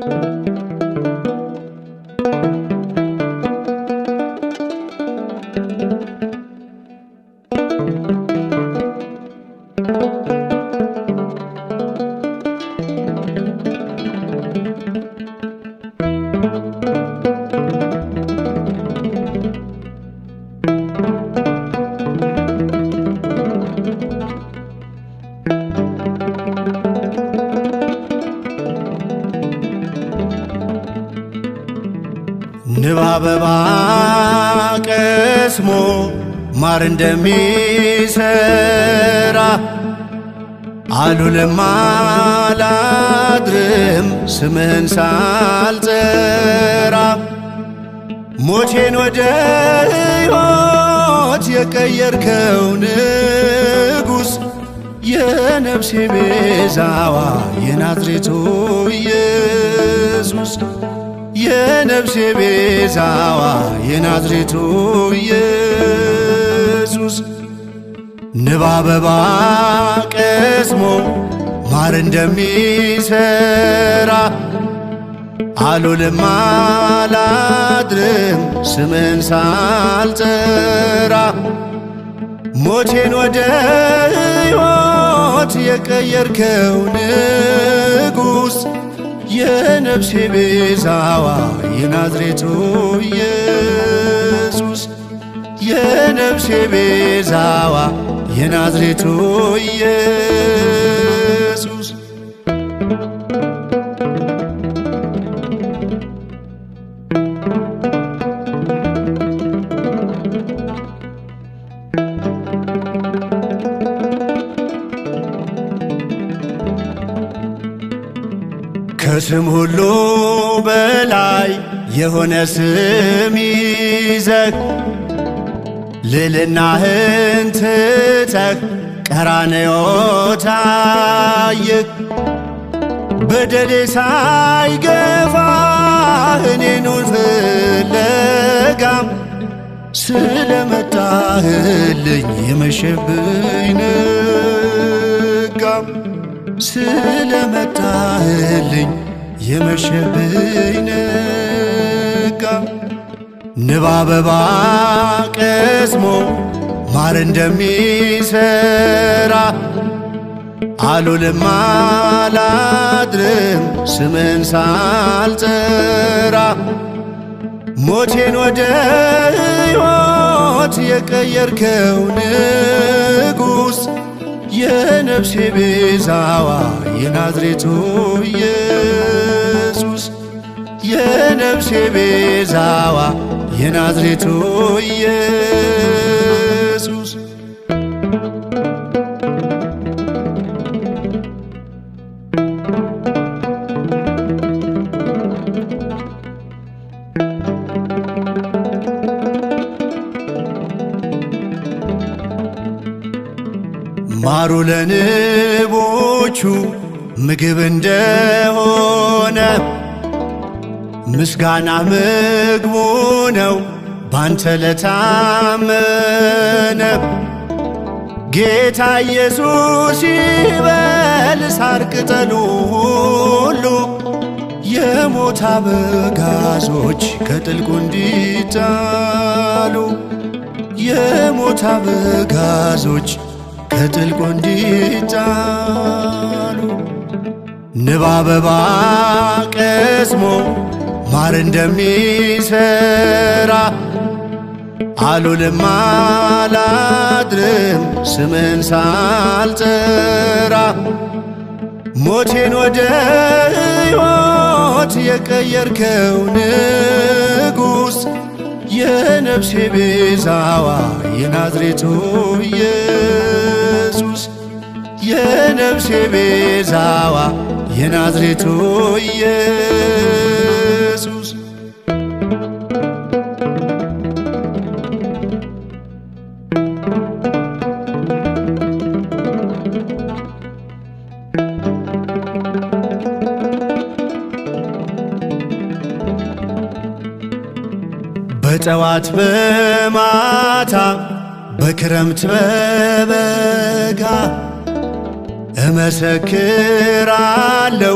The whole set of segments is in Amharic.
Thank you. ማር እንደሚሰራ አሉ ለማላድርም ስምህን ሳልጠራ ሞቴን ወደ ሕይወት የቀየርከው ንጉሥ የነፍሴ ቤዛዋ የናዝሬቱ ኢየሱስ የነፍሴ ቤዛዋ የናዝሬቱ ኢየሱስ ንባበባ አበባ ቀስሞ ማር እንደሚሰራ አልውልም አላድርም ስምን ሳልጠራ ሞቴን ወደ ሕይወት የቀየርከው ንጉሥ የነፍሴ ቤዛዋ የናዝሬቱ ኢየሱስ የነፍሴ ቤዛዋ የናዝሬቱ ኢየሱስ ከስም ሁሉ በላይ የሆነ ስም ይዘህ ልልና ትተህ ቀራንዮ ታየህ። በደሌ ሳይገፋህ እኔኑን ፍለጋም ስለመጣህልኝ የመሸብኝ ንጋም ስለመጣህልኝ የመሸብኝ ነጋ ንብ አበባ ቀስሞ ማር እንደሚሰራ አልውልም አላድርም ስምህን ሳልጠራ ሞቴን ወደ ሕይወት የቀየርከው ንጉሥ የነፍሴ ቤዛዋ የናዝሬቱ ኢየሱስ የነፍሴ ቤዛዋ የናዝሬቱ ኢየሱስ ለንቦቹ ምግብ እንደሆነ ምስጋና ምግቡ ነው ባንተ ለታመነ ጌታ ኢየሱስ ይበል ሳር ቅጠሉ ሁሉ የሞት አበጋዞች ከጥልቁ እንዲጣሉ የሞት አበጋዞች ከጥልቁ እንዲጣሉ ንብ አበባ ቀስሞ ማር እንደሚሰራ አልውልም አላድርም ስምን ሳልጠራ ሞቴን ወደ ሕይወት የቀየርከው ንጉሥ የነፍሴ ቤዛዋ የናዝሬቱ ኢየሱስ የነፍሴ ቤዛዋ የናዝሬቱ ኢየሱስ በጠዋት በማታ በክረምት በበጋ እመሰክራለሁ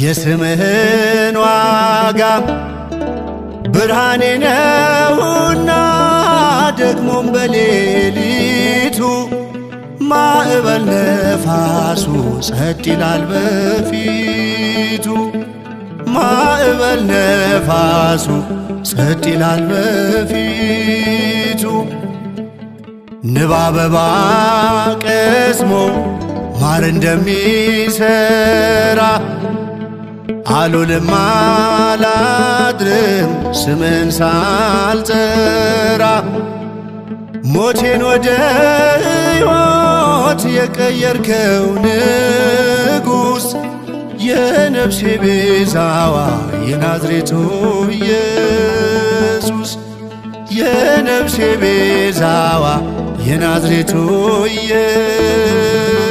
የስምህን ዋጋ ብርሃኔ ነውና ደግሞም በሌሊቱ ማዕበል ነፋሱ ጸጥ ይላል በፊቱ ማዕበል ነፋሱ ጸጥ ይላል በፊቱ ንብ አበባ ቀስሞ ማር እንደሚሠራ አሉልም አላድርም ስምን ሳልጠራ ሞቴን ወደ ሕይወት የቀየርከው ንጉሥ የነፍሴ ቤዛዋ የናዝሬቱ ኢየሱስ የነፍሴ ቤዛዋ የናዝሬቱ ኢየሱስ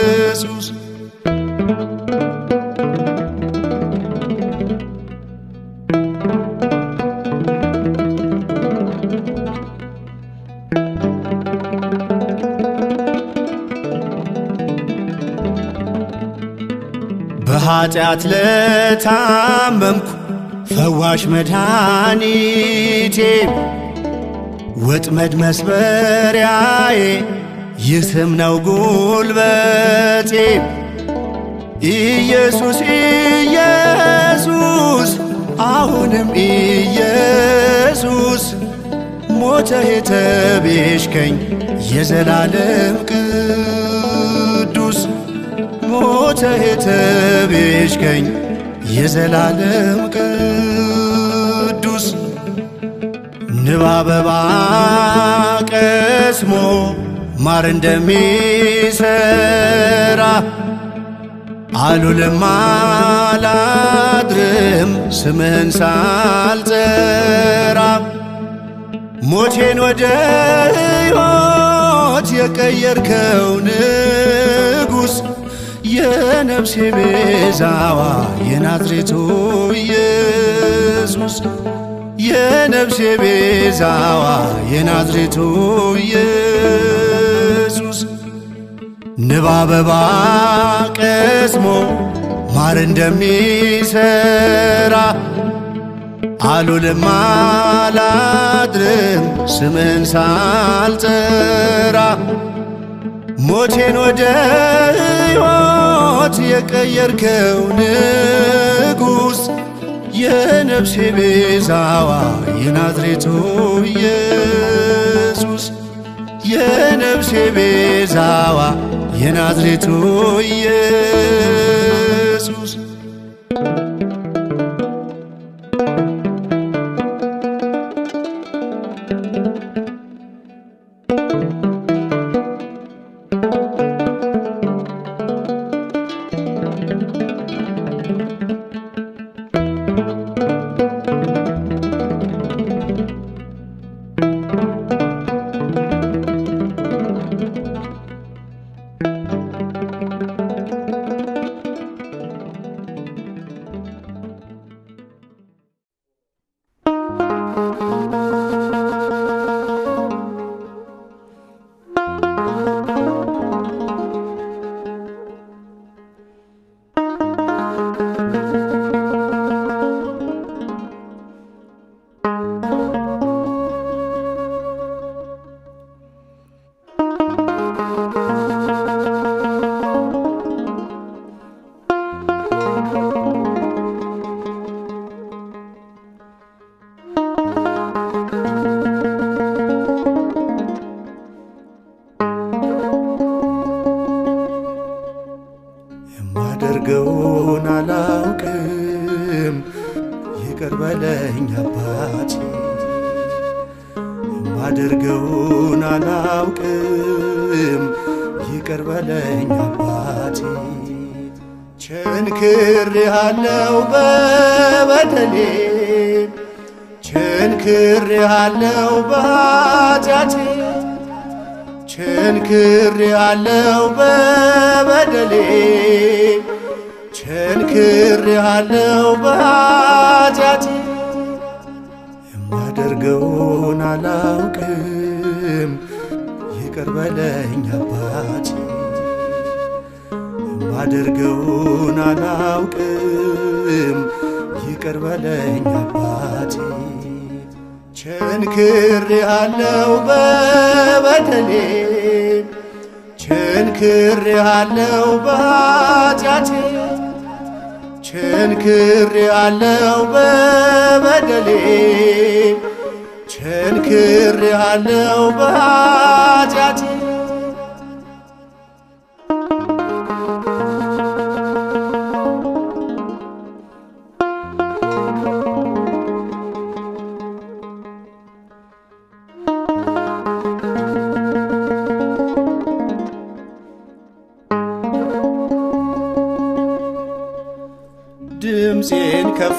በኃጢአት ለታመምኩ ፈዋሽ መድኃኒቴ ወጥመድ መስበሪያዬ ይህ ስም ነው ጉልበቴ ኢየሱስ ኢየሱስ አሁንም ኢየሱስ ሞተ የተቤሽከኝ የዘላለም ቅር ተሄተብሽከኝ የዘላለም ቅዱስ ንብ አበባ ቀስሞ ማር እንደሚሰራ አሉልም አላድርም ስምህን ሳልጠራ ሞቴን ወደ ሕይወት የቀየርከው ንጉሥ የነፍሴ ቤዛዋ የናዝሬቱ ኢየሱስ የነፍሴ ቤዛዋ የናዝሬቱ ኢየሱስ ንብ አበባ ቀስሞ ማር እንደሚሰራ አልውልም አላድርም ሳልጠራ ሞቴን ወደ ሕይወት የቀየርከው ንጉሥ የነፍሴ ቤዛዋ የናዝሬቱ ኢየሱስ የነፍሴ ቤዛዋ የናዝሬቱ ኢየሱስ Thank you. አልችልም። ይቅር በለኝ አባቴ የማደርገውን አላውቅም። ይቅር በለኝ አባቴ ቸንክሬአለው በበደሌ ቸንክሬአለው በኃጢአቴ ቸንክሬአለው በበደሌ ቸንክር ያለው ባጃጅ የማደርገውን አላውቅም ይቅር በለኝ አባቴ የማደርገውን አላውቅም ይቅር በለኝ አባቴ ቸንክር ያለው በበደሌ ቸንክር ያለው ባጃቴ ቸንክር ያለው በበደሌ ቸንክር ያለው ባጃቴ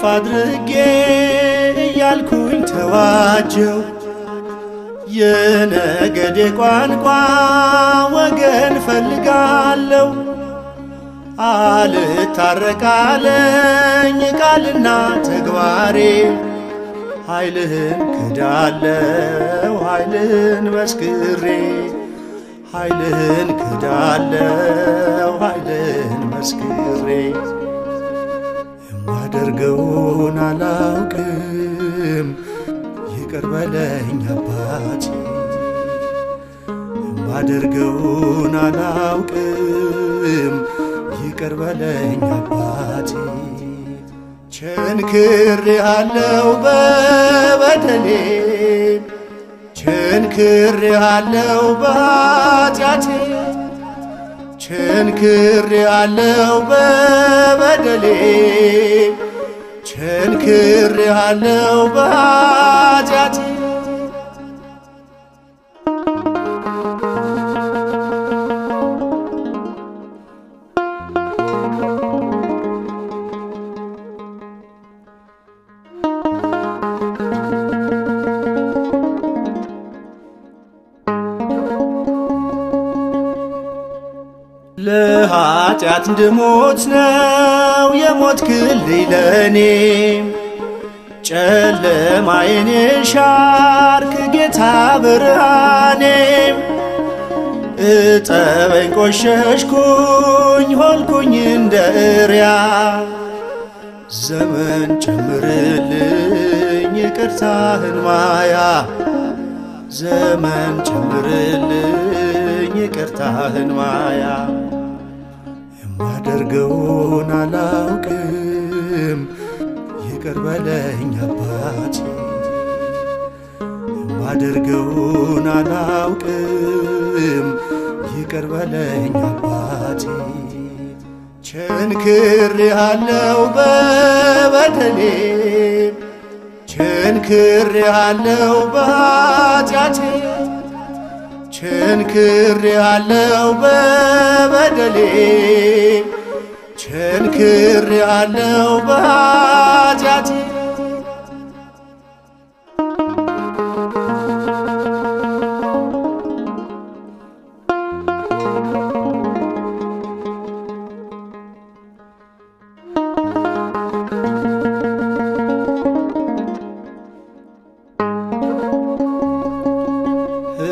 ከፍ አድርጌ እያልኩኝ ተዋጀው የነገዴ ቋንቋ ወገን ፈልጋለው አልታረቃለኝ ቃልና ተግባሬ ኃይልህን ክዳለው ኃይልህን መስክሬ ኃይልህን ክዳለው ኃይልህን መስክሬ ማደርገውን አላውቅም። ይቅር በለኝ አባቴ፣ ማደርገውን አላውቅም። ይቅር በለኝ አባቴ፣ ቸንክሬአለው በበደሌ ቸንክር ቸንክሬአለው በኃጢአቴ ቸንክሬ አለው በበደሌ ቸንክሬ አለው ባጃ በፍርሃት እንድሞት ነው የሞት ክልይ ለእኔ ጨለማዬን ሻርክ ጌታ ብርሃኔም እጠበኝ ቆሸሽኩኝ ሆልኩኝ እንደ እርያ ዘመን ጨምርልኝ ይቅርታህን ማያ ዘመን ጨምርልኝ ይቅርታህን ማያ የማደርገውን አላውቅም። ይቅር በለኝ አባቴ፣ የማደርገውን አላውቅም። ይቅር በለኝ አባቴ፣ ቸንክሬአለው በበደሌ ቸንክሬአለው በኃጢአቴ ቸንክሬአለው በበደሌ ከንክር ያለው ባጃቴ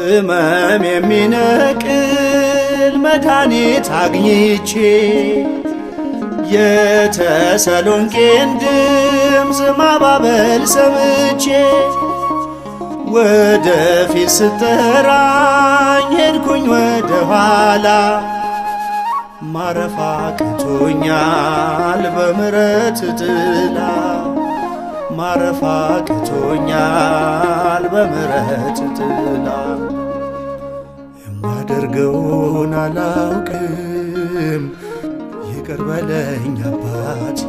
ህመም የሚነቅል መድኃኒት አግኝቼ የተሰሎንቄን ድምፅ ማባበል ሰምቼ ወደፊት ስጠራኝ ሄድኩኝ ወደ ኋላ ማረፋ ቅቶኛል በምረት ጥላ ማረፋ ቅቶኛል በምረት ጥላ የማደርገውን አላውቅም ይቅር በለኝ አባት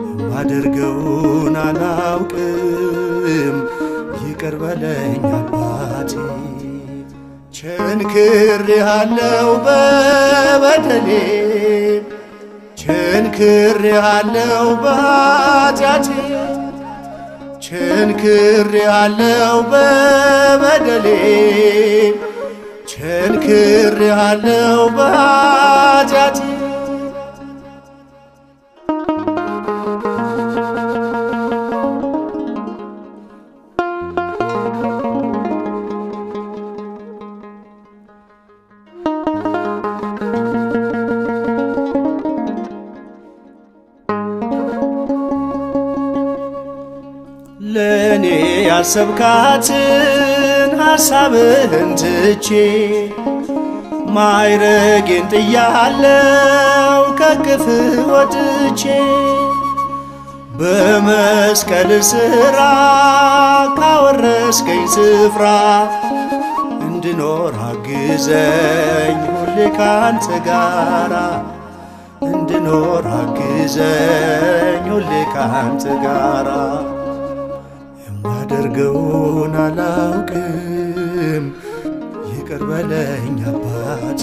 የማደርገውን አላውቅም ይቅር በለኝ አባት ቸንክሬአለው በበደሌ ቸንክሬአለው በኃጢአቴ ቸንክሬአለው በበደሌ ተንክሬአለው ባጃጅ ለእኔ ያሰብካት ሐሳብህን ትቼ ማይረጌን ጥያለው ከክፍ ወጥቼ በመስቀል ስራ ካወረስከኝ ስፍራ እንድኖር አግዘኝ ሁሌ ካንተ ጋራ እንድኖር አግዘኝ ሁሌ ካንተ ጋራ ማደርገውን አላውቅም። ይቅር በለኝ አባት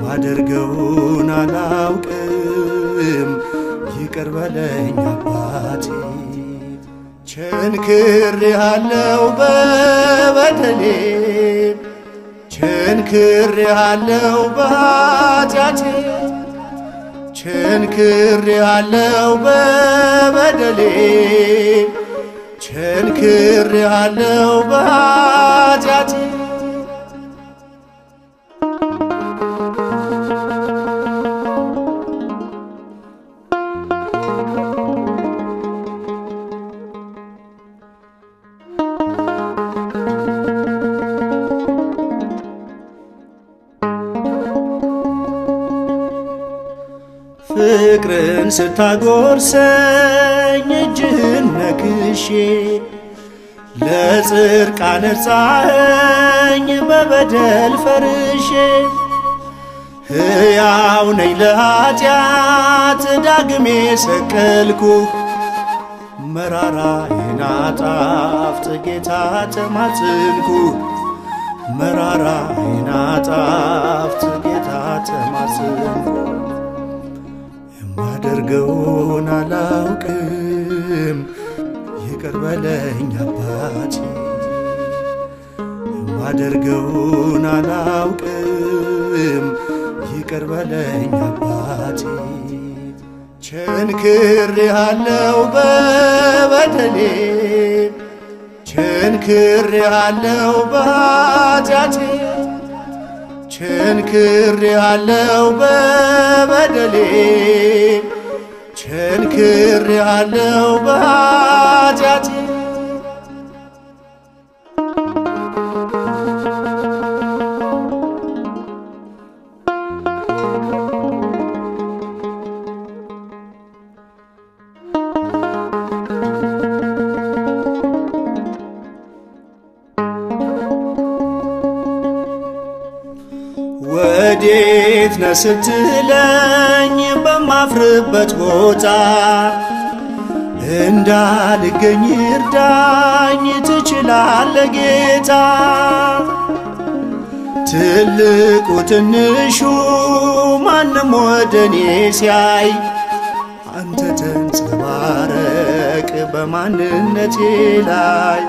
ማደርገውን አላውቅም። ይቅር በለኝ አባት ቸንክር ያለው በበደሌ ቸንክር ያለው በኃጢአቴ ቸንክር ያለው በበደሌ ቸንክር ያለው ባጃቲ ስታጎርሰኝ እጅህን ነክሼ ለጽድቅ አነጻኸኝ በበደል ፈርሼ ሕያው ነኝ ለኀጢአት ዳግሜ ሰቀልኩ! መራራ አጣፍጥ ጌታ ተማጽንኩ መራራዬን አጣፍጥ ጌታ ተማጽንኩ ማደርገውን አላውቅም። ይቅር በለኝ አባቴ፣ ማደርገውን አላውቅም። ይቅር በለኝ አባቴ፣ ያለው በበደሌ ቸንክሬአለው ቸንክር ያለው በበደሌ ሸንክር ያለው ባጃጅ ወዴ እንዴት ነህ ስትለኝ በማፍርበት ቦታ እንዳልገኝ እርዳኝ፣ ትችላለህ ጌታ። ትልቁ ትንሹ ማንም ወደ እኔ ሲያይ አንተ ተንጸባረቅ በማንነቴ ላይ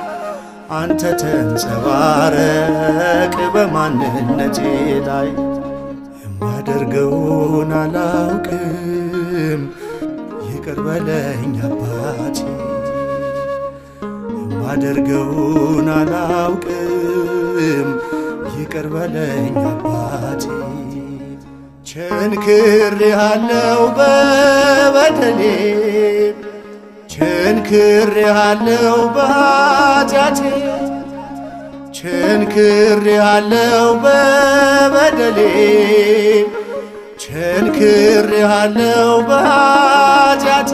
አንተ ተንጸባረቅ በማንነቴ ላይ የማደርገውን አላውቅም፣ ይቅር በለኝ አባቴ። የማደርገውን አላውቅም፣ ይቅር በለኝ አባቴ። ቸንክሬአለው በበደሌ ቸንክሬአለው በኃጢአቴ ቸንክሬአለው በበደሌ ተንክሬአለው በኃጢአቴ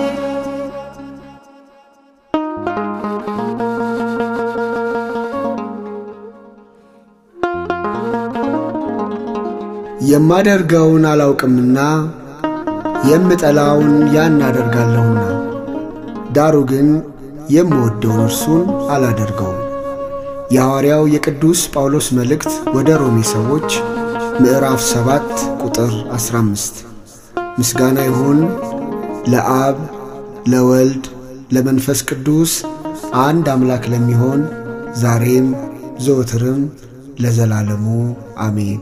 የማደርገውን አላውቅምና የምጠላውን ያን አደርጋለሁና ዳሩ ግን የምወደውን እርሱን አላደርገውም። የሐዋርያው የቅዱስ ጳውሎስ መልእክት ወደ ሮሜ ሰዎች ምዕራፍ 7 ቁጥር 15 ምስጋና ይሁን ለአብ ለወልድ ለመንፈስ ቅዱስ አንድ አምላክ ለሚሆን ዛሬም ዘወትርም ለዘላለሙ አሜን።